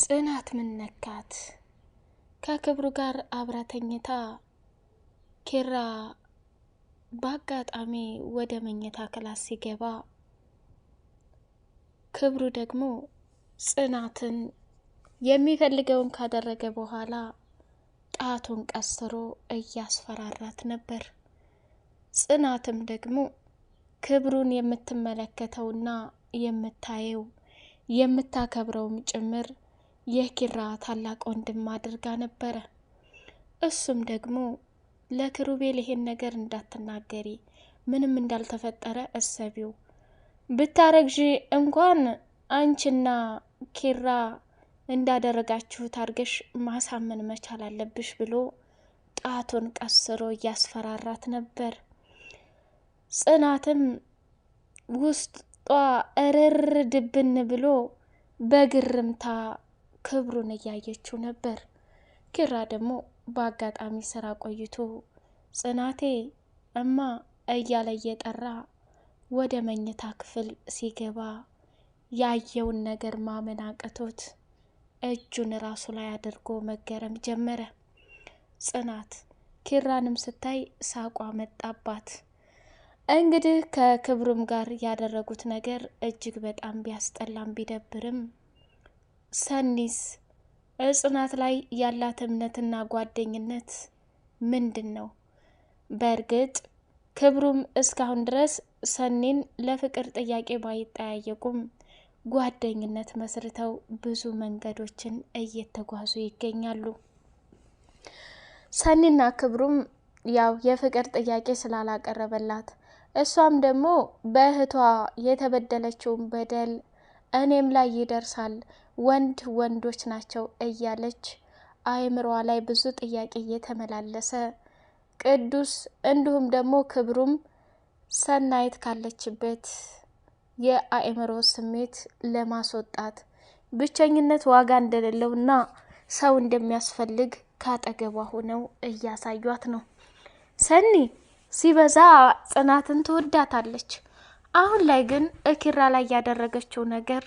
ጽናት ምነካት ከክብሩ ጋር አብራ ተኝታ ኪራ በአጋጣሚ ወደ መኝታ ክላስ ሲገባ ክብሩ ደግሞ ጽናትን የሚፈልገውን ካደረገ በኋላ ጣቱን ቀስሮ እያስፈራራት ነበር። ጽናትም ደግሞ ክብሩን የምትመለከተውና የምታየው የምታከብረውም ጭምር የኪራ ታላቅ ወንድም አድርጋ ነበረ። እሱም ደግሞ ለክሩቤል ይሄን ነገር እንዳትናገሪ ምንም እንዳልተፈጠረ እሰቢው ብታረግዥ እንኳን አንቺና ኪራ እንዳደረጋችሁት አድርገሽ ማሳመን መቻል አለብሽ ብሎ ጣቱን ቀስሮ እያስፈራራት ነበር። ጽናትም ውስጧ እርር ድብን ብሎ በግርምታ ክብሩን እያየችው ነበር። ኪራ ደግሞ በአጋጣሚ ስራ ቆይቶ ጽናቴ እማ እያለ እየጠራ ወደ መኝታ ክፍል ሲገባ ያየውን ነገር ማመን አቅቶት እጁን ራሱ ላይ አድርጎ መገረም ጀመረ። ጽናት ኪራንም ስታይ ሳቋ መጣባት። እንግዲህ ከክብሩም ጋር ያደረጉት ነገር እጅግ በጣም ቢያስጠላም ቢደብርም ሰኒስ እጽናት ላይ ያላት እምነትና ጓደኝነት ምንድን ነው? በእርግጥ ክብሩም እስካሁን ድረስ ሰኒን ለፍቅር ጥያቄ ባይጠያየቁም ጓደኝነት መስርተው ብዙ መንገዶችን እየተጓዙ ይገኛሉ። ሰኒና ክብሩም ያው የፍቅር ጥያቄ ስላላቀረበላት እሷም ደግሞ በእህቷ የተበደለችውን በደል እኔም ላይ ይደርሳል ወንድ ወንዶች ናቸው እያለች አእምሯ ላይ ብዙ ጥያቄ እየተመላለሰ ቅዱስ እንዲሁም ደግሞ ክብሩም ሰናይት ካለችበት የአእምሮ ስሜት ለማስወጣት ብቸኝነት ዋጋ እንደሌለው እና ሰው እንደሚያስፈልግ ካጠገቧ ሆነው እያሳዩት ነው። ሰኒ ሲበዛ ጽናትን ትወዳታለች። አሁን ላይ ግን እኪራ ላይ ያደረገችው ነገር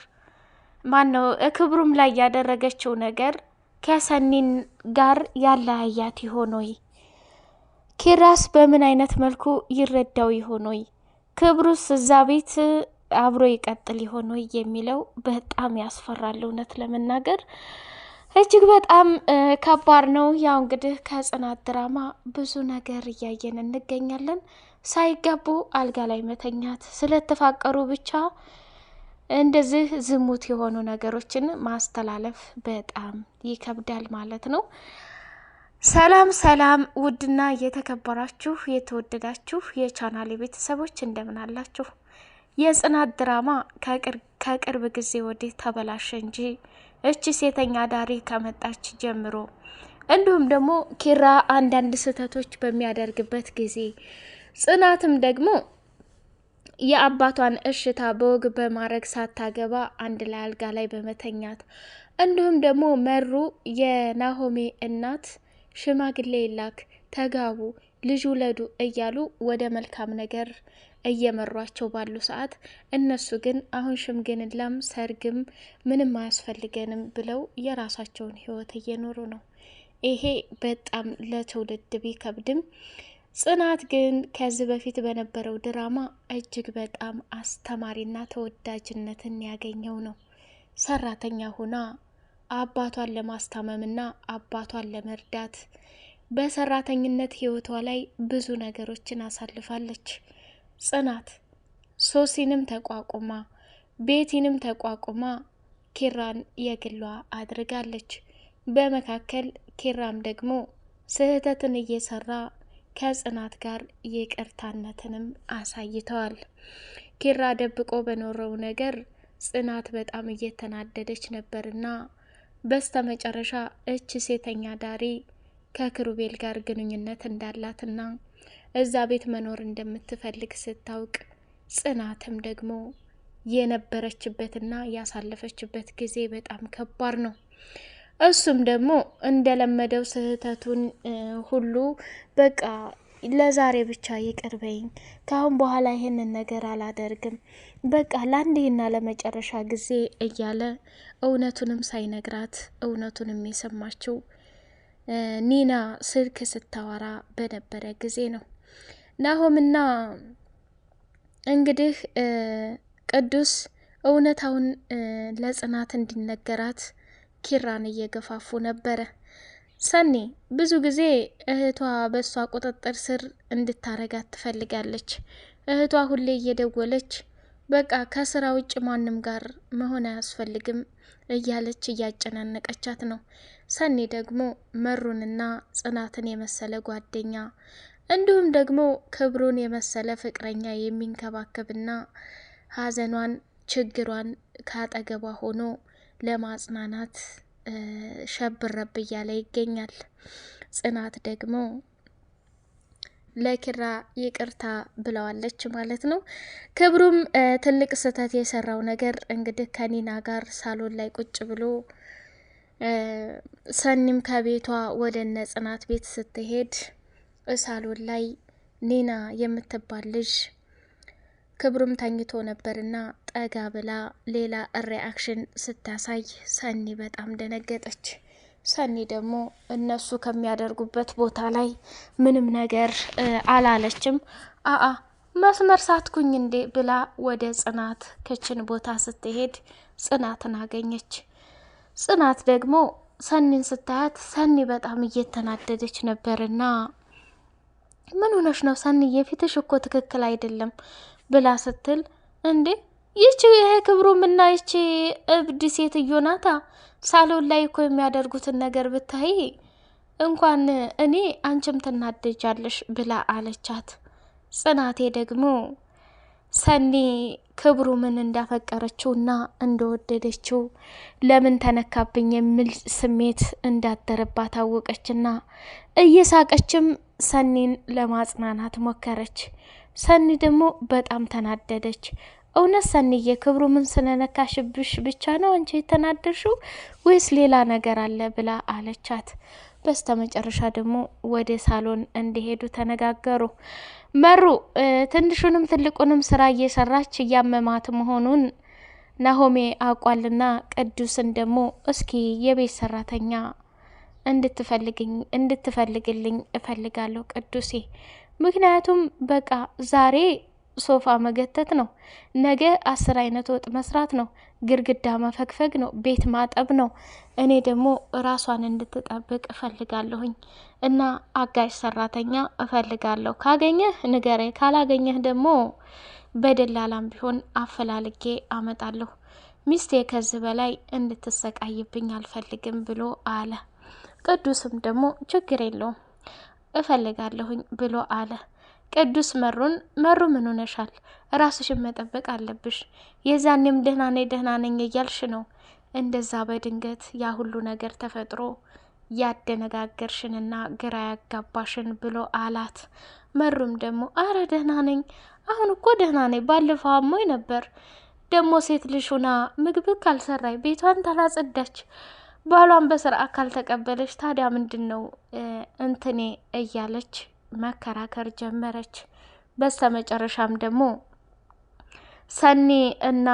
ማን ነው እክብሩም ላይ ያደረገችው ነገር ከሰኒን ጋር ያለያያት ይሆኖይ? ኪራስ በምን አይነት መልኩ ይረዳው ይሆኖይ? ክብሩስ እዛ ቤት አብሮ ይቀጥል ይሆኖይ የሚለው በጣም ያስፈራል። እውነት ለመናገር እጅግ በጣም ከባድ ነው። ያው እንግዲህ ከጽናት ድራማ ብዙ ነገር እያየን እንገኛለን። ሳይገቡ አልጋ ላይ መተኛት ስለተፋቀሩ ብቻ እንደዚህ ዝሙት የሆኑ ነገሮችን ማስተላለፍ በጣም ይከብዳል ማለት ነው። ሰላም ሰላም፣ ውድና የተከበራችሁ የተወደዳችሁ የቻናሌ ቤተሰቦች እንደምን አላችሁ? የጽናት ድራማ ከቅርብ ጊዜ ወዲህ ተበላሸ እንጂ እቺ ሴተኛ ዳሪ ከመጣች ጀምሮ እንዲሁም ደግሞ ኪራ አንዳንድ ስህተቶች በሚያደርግበት ጊዜ ጽናትም ደግሞ የአባቷን እሽታ በወግ በማድረግ ሳታገባ አንድ ላይ አልጋ ላይ በመተኛት እንዲሁም ደግሞ መሩ የናሆሜ እናት ሽማግሌ ላክ ተጋቡ፣ ልጅ ውለዱ እያሉ ወደ መልካም ነገር እየመሯቸው ባሉ ሰዓት እነሱ ግን አሁን ሽምግልናም ሰርግም ምንም አያስፈልገንም ብለው የራሳቸውን ህይወት እየኖሩ ነው። ይሄ በጣም ለትውልድ ቢከብድም ጽናት ግን ከዚህ በፊት በነበረው ድራማ እጅግ በጣም አስተማሪና ተወዳጅነትን ያገኘው ነው። ሰራተኛ ሁና አባቷን ለማስታመምና አባቷን ለመርዳት በሰራተኝነት ህይወቷ ላይ ብዙ ነገሮችን አሳልፋለች። ጽናት ሶሲንም ተቋቁማ ቤቲንም ተቋቁማ ኪራን የግሏ አድርጋለች። በመካከል ኪራም ደግሞ ስህተትን እየሰራ ከጽናት ጋር ይቅርታነትንም አሳይተዋል። ኪራ ደብቆ በኖረው ነገር ጽናት በጣም እየተናደደች ነበርና በስተ መጨረሻ እች ሴተኛ ዳሪ ከክሩቤል ጋር ግንኙነት እንዳላትና እዛ ቤት መኖር እንደምትፈልግ ስታውቅ ጽናትም ደግሞ የነበረችበትና ያሳለፈችበት ጊዜ በጣም ከባድ ነው። እሱም ደግሞ እንደለመደው ስህተቱን ሁሉ በቃ ለዛሬ ብቻ ይቅርበኝ፣ ካሁን በኋላ ይህንን ነገር አላደርግም፣ በቃ ለአንዴና ለመጨረሻ ጊዜ እያለ እውነቱንም ሳይነግራት እውነቱንም የሰማችው ኒና ስልክ ስታወራ በነበረ ጊዜ ነው። ናሆምና እንግዲህ ቅዱስ እውነታውን ለጽናት እንዲነገራት ኪራን እየገፋፉ ነበረ። ሰኒ ብዙ ጊዜ እህቷ በእሷ ቁጥጥር ስር እንድታረጋት ትፈልጋለች። እህቷ ሁሌ እየደወለች በቃ ከስራ ውጭ ማንም ጋር መሆን አያስፈልግም እያለች እያጨናነቀቻት ነው። ሰኒ ደግሞ መሩንና ጽናትን የመሰለ ጓደኛ እንዲሁም ደግሞ ክብሩን የመሰለ ፍቅረኛ የሚንከባከብና ሐዘኗን ችግሯን ካጠገቧ ሆኖ ለማጽናናት ሸብረብ እያለ ይገኛል። ጽናት ደግሞ ለኪራ ይቅርታ ብለዋለች ማለት ነው። ክብሩም ትልቅ ስህተት የሰራው ነገር እንግዲህ ከኒና ጋር ሳሎን ላይ ቁጭ ብሎ ሰኒም ከቤቷ ወደ እነ ጽናት ቤት ስትሄድ ሳሎን ላይ ኒና የምትባል ልጅ ክብሩም ተኝቶ ነበርና ጠጋ ብላ ሌላ ሪያክሽን ስታሳይ ሰኒ በጣም ደነገጠች። ሰኒ ደግሞ እነሱ ከሚያደርጉበት ቦታ ላይ ምንም ነገር አላለችም። አአ መስመር ሳትኩኝ እንዴ ብላ ወደ ጽናት ክችን ቦታ ስትሄድ ጽናትን አገኘች። ጽናት ደግሞ ሰኒን ስታያት ሰኒ በጣም እየተናደደች ነበርና ምን ሆነሽ ነው ሰኒ? የፊትሽ እኮ ትክክል አይደለም ብላ ስትል እንዴ ይቺ ይሄ ክብሩም ምና ይቺ እብድ ሴትዮ ናታ። ሳሎን ላይ እኮ የሚያደርጉትን ነገር ብታይ እንኳን እኔ አንቺም ትናደጃለሽ ብላ አለቻት። ጽናቴ ደግሞ ሰኒ ክብሩ ምን እንዳፈቀረችው እና እንደወደደችው ለምን ተነካብኝ የሚል ስሜት እንዳደረባት አወቀችና እየሳቀችም ሰኒን ለማጽናናት ሞከረች። ሰኒ ደግሞ በጣም ተናደደች። እውነት ሰኒዬ ክብሩ ምን ስለነካሽብሽ ብቻ ነው አንቺ የተናደርሽው ወይስ ሌላ ነገር አለ ብላ አለቻት። በስተ መጨረሻ ደግሞ ወደ ሳሎን እንዲሄዱ ተነጋገሩ። መሩ ትንሹንም ትልቁንም ስራ እየሰራች እያመማት መሆኑን ናሆሜ አውቋልና ቅዱስን ደግሞ እስኪ የቤት ሰራተኛ እንድትፈልግልኝ እፈልጋለሁ ቅዱሴ ምክንያቱም በቃ ዛሬ ሶፋ መገተት ነው፣ ነገ አስር አይነት ወጥ መስራት ነው፣ ግርግዳ መፈግፈግ ነው፣ ቤት ማጠብ ነው። እኔ ደግሞ ራሷን እንድትጠብቅ እፈልጋለሁኝ እና አጋዥ ሰራተኛ እፈልጋለሁ። ካገኘህ ንገረኝ፣ ካላገኘህ ደግሞ በደላላም ቢሆን አፈላልጌ አመጣለሁ። ሚስቴ ከዚህ በላይ እንድትሰቃይብኝ አልፈልግም ብሎ አለ። ቅዱስም ደግሞ ችግር የለውም እፈልጋለሁኝ ብሎ አለ። ቅዱስ መሩን መሩ ምን ሆነሻል? ራስሽን መጠበቅ አለብሽ። የዛኔም ደህና ነኝ ደህና ነኝ እያልሽ ነው። እንደዛ በድንገት ያ ሁሉ ነገር ተፈጥሮ ያደነጋገርሽንና ግራ ያጋባሽን ብሎ አላት። መሩም ደግሞ አረ ደህና ነኝ፣ አሁን እኮ ደህና ነኝ፣ ባለፈው አሞኝ ነበር። ደግሞ ሴት ልጅ ሆና ምግብ ካልሰራይ ቤቷን ታላጸዳች ባሏን አካል ተቀበለች ታዲያ ምንድን ነው እንትኔ እያለች መከራከር ጀመረች። በስተ መጨረሻም ደግሞ ሰኒ እና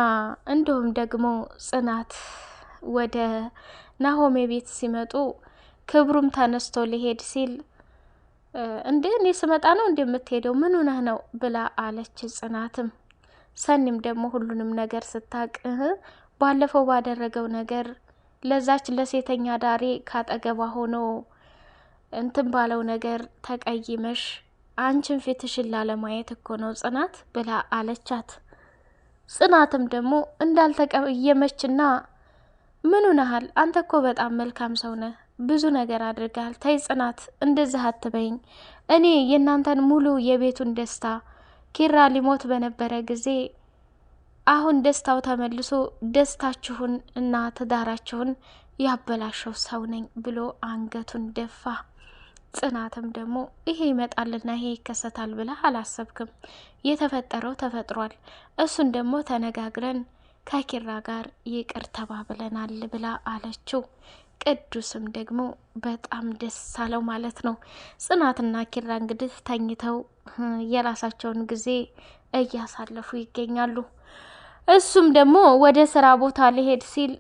እንዲሁም ደግሞ ጽናት ወደ ናሆሜ ቤት ሲመጡ ክብሩም ተነስቶ ሊሄድ ሲል እንዴ እኔ ስመጣ ነው እንዴ የምትሄደው? ምን ሆነህ ነው ብላ አለች ጽናትም። ሰኒም ደግሞ ሁሉንም ነገር ስታቅ ባለፈው ባደረገው ነገር ለዛች ለሴተኛ ዳሬ ካጠገቧ ሆኖ እንትን ባለው ነገር ተቀይመሽ አንቺን ፊትሽን ላለማየት እኮ ነው ጽናት ብላ አለቻት። ጽናትም ደግሞ እንዳልተቀየመችና ምኑ ነሃል አንተ እኮ በጣም መልካም ሰው ነህ፣ ብዙ ነገር አድርገሃል። ተይ ጽናት እንደዚህ አትበይኝ። እኔ የእናንተን ሙሉ የቤቱን ደስታ ኪራ ሊሞት በነበረ ጊዜ አሁን ደስታው ተመልሶ ደስታችሁን እና ትዳራችሁን ያበላሸው ሰው ነኝ ብሎ አንገቱን ደፋ። ጽናትም ደግሞ ይሄ ይመጣልና ይሄ ይከሰታል ብለህ አላሰብክም። የተፈጠረው ተፈጥሯል። እሱን ደግሞ ተነጋግረን ከኪራ ጋር ይቅር ተባብለናል ብላ አለችው። ቅዱስም ደግሞ በጣም ደስ አለው ማለት ነው። ጽናትና ኪራ እንግዲህ ተኝተው የራሳቸውን ጊዜ እያሳለፉ ይገኛሉ። እሱም ደግሞ ወደ ስራ ቦታ ሊሄድ ሲል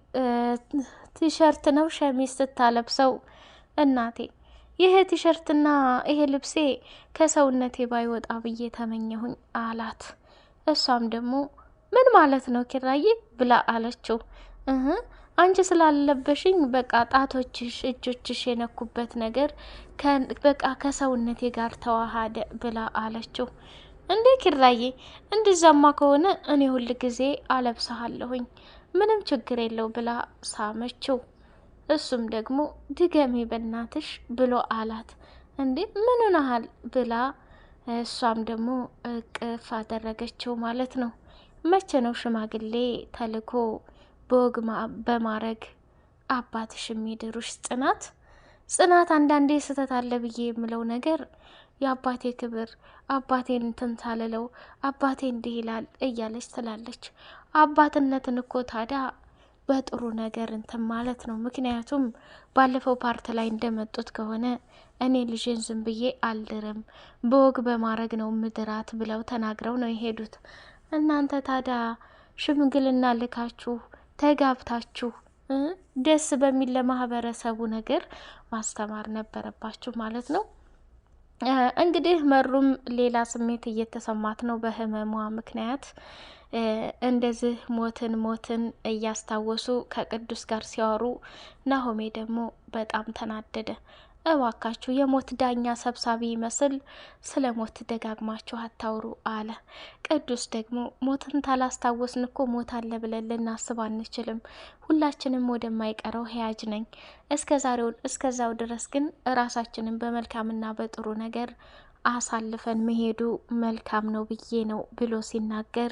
ቲሸርት ነው ሸሚዝ ስታለብሰው፣ እናቴ ይሄ ቲሸርትና ይሄ ልብሴ ከሰውነቴ ባይወጣ ብዬ ተመኘሁኝ አላት። እሷም ደግሞ ምን ማለት ነው ኪራዬ ብላ አለችው። አንቺ ስላለበሽኝ በቃ ጣቶችሽ፣ እጆችሽ የነኩበት ነገር በቃ ከሰውነቴ ጋር ተዋሃደ ብላ አለችው። እንዴ ኪራዬ፣ እንደዛማ ከሆነ እኔ ሁል ጊዜ አለብሰሃለሁኝ ምንም ችግር የለው ብላ ሳመችው። እሱም ደግሞ ድገሜ በናትሽ ብሎ አላት። እንዴ ምን ሆነሃል ብላ እሷም ደግሞ እቅፍ አደረገችው ማለት ነው። መቼ ነው ሽማግሌ ተልኮ በወግ በማረግ አባትሽ የሚድሩሽ ጽናት? ጽናት አንዳንዴ ስህተት አለ ብዬ የምለው ነገር የአባቴ ክብር አባቴን እንትን አባቴ እንዲህ ይላል እያለች ትላለች። አባትነትን እኮ ታዲያ በጥሩ ነገር እንትን ማለት ነው። ምክንያቱም ባለፈው ፓርት ላይ እንደመጡት ከሆነ እኔ ልጅን ዝም ብዬ አልድርም በወግ በማድረግ ነው ምድራት ብለው ተናግረው ነው የሄዱት። እናንተ ታዲያ ሽምግልና ልካችሁ ተጋብታችሁ ደስ በሚል ለማህበረሰቡ ነገር ማስተማር ነበረባችሁ ማለት ነው። እንግዲህ መሩም ሌላ ስሜት እየተሰማት ነው በህመሟ ምክንያት። እንደዚህ ሞትን ሞትን እያስታወሱ ከቅዱስ ጋር ሲያወሩ ናሆሜ ደግሞ በጣም ተናደደ። እባካችሁ የሞት ዳኛ ሰብሳቢ ይመስል ስለ ሞት ደጋግማችሁ አታውሩ አለ። ቅዱስ ደግሞ ሞትን ታላስታወስን እኮ ሞት አለ ብለን ልናስብ አንችልም። ሁላችንም ወደማይቀረው ህያጅ ነኝ። እስከዛው ድረስ ግን እራሳችንን በመልካምና በጥሩ ነገር አሳልፈን መሄዱ መልካም ነው ብዬ ነው ብሎ ሲናገር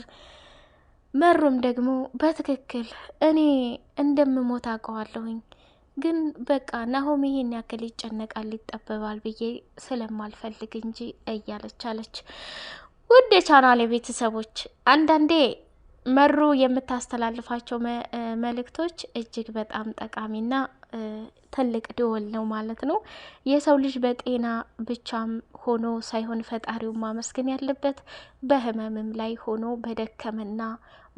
መሩም ደግሞ በትክክል እኔ እንደምሞት አውቀዋለሁኝ ግን በቃ ናሆም ይሄን ያክል ይጨነቃል ይጠበባል ብዬ ስለማልፈልግ እንጂ እያለች አለች። ውድ የቻናሌ ቤተሰቦች አንዳንዴ መሩ የምታስተላልፋቸው መልእክቶች እጅግ በጣም ጠቃሚና ትልቅ ደወል ነው ማለት ነው። የሰው ልጅ በጤና ብቻም ሆኖ ሳይሆን ፈጣሪውን ማመስገን ያለበት በህመምም ላይ ሆኖ በደከመና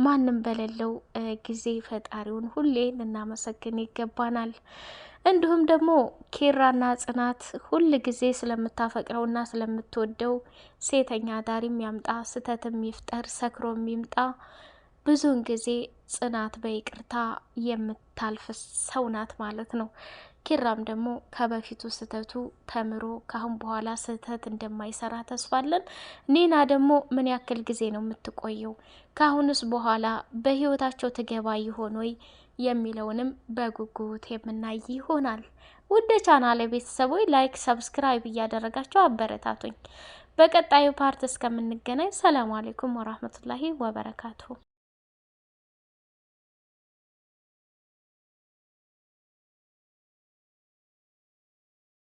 ማንም በሌለው ጊዜ ፈጣሪውን ሁሌ ልናመሰግን ይገባናል። እንዲሁም ደግሞ ኪራና ጽናት ሁል ጊዜ ስለምታፈቅረውና ስለምትወደው ሴተኛ ዳሪም ያምጣ፣ ስተትም ይፍጠር፣ ሰክሮም ይምጣ ብዙውን ጊዜ ጽናት በይቅርታ የምታልፍ ሰው ናት ማለት ነው። ኪራም ደግሞ ከበፊቱ ስህተቱ ተምሮ ካሁን በኋላ ስህተት እንደማይሰራ ተስፋለን። ኒና ደግሞ ምን ያክል ጊዜ ነው የምትቆየው? ካሁንስ በኋላ በህይወታቸው ትገባ ይሆን ወይ የሚለውንም በጉጉት የምናይ ይሆናል። ውድ ቻናሌ ቤተሰቦች ላይክ፣ ሰብስክራይብ እያደረጋቸው አበረታቱኝ። በቀጣዩ ፓርት እስከምንገናኝ ሰላም አሌይኩም ወራህመቱላሂ ወበረካቱሁ።